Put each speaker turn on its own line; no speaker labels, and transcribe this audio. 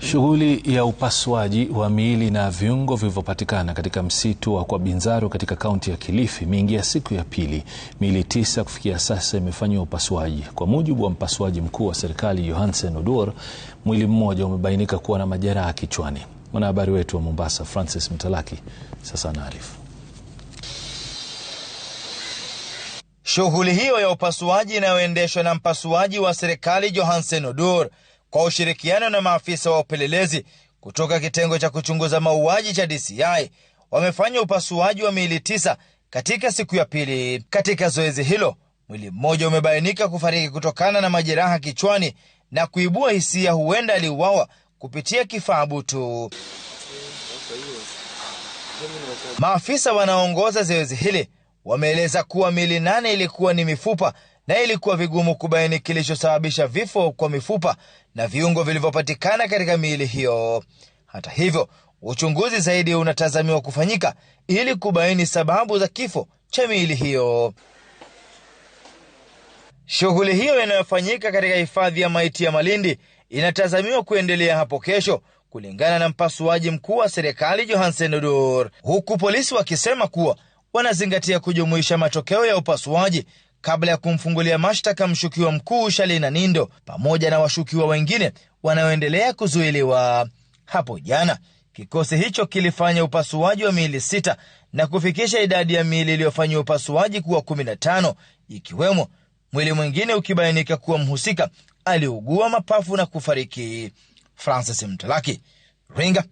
Shughuli ya upasuaji wa miili na viungo vilivyopatikana katika msitu wa Binzaro katika kaunti ya Kilifi imeingia siku ya pili. Miili tisa kufikia sasa imefanyiwa upasuaji. Kwa mujibu wa mpasuaji mkuu wa serikali Yohansen odor mwili mmoja umebainika kuwa na majeraha kichwani. Mwanahabari wetu wa Mombasa Francis Mtalaki sasa anaarifu.
Shughuli hiyo ya upasuaji inayoendeshwa na mpasuaji wa serikali johansen odor kwa ushirikiano na maafisa wa upelelezi kutoka kitengo cha kuchunguza mauaji cha DCI wamefanya upasuaji wa miili tisa katika siku ya pili. Katika zoezi hilo, mwili mmoja umebainika kufariki kutokana na majeraha kichwani na kuibua hisia huenda aliuawa kupitia kifaa butu. Maafisa wanaoongoza zoezi hili wameeleza kuwa miili nane ilikuwa ni mifupa na ilikuwa vigumu kubaini kilichosababisha vifo kwa mifupa na viungo vilivyopatikana katika miili hiyo. Hata hivyo, uchunguzi zaidi unatazamiwa kufanyika ili kubaini sababu za kifo cha miili hiyo. Shughuli hiyo inayofanyika katika hifadhi ya maiti ya Malindi inatazamiwa kuendelea hapo kesho, kulingana na mpasuaji mkuu wa serikali Johansen Odur, huku polisi wakisema kuwa wanazingatia kujumuisha matokeo ya upasuaji kabla ya kumfungulia mashtaka mshukiwa mkuu Shalina Nindo pamoja na washukiwa wengine wanaoendelea kuzuiliwa. Hapo jana kikosi hicho kilifanya upasuaji wa miili sita na kufikisha idadi ya miili iliyofanyiwa upasuaji kuwa 15 ikiwemo mwili mwingine ukibainika kuwa mhusika aliugua mapafu na kufariki. Francis Mtalaki, Ringa,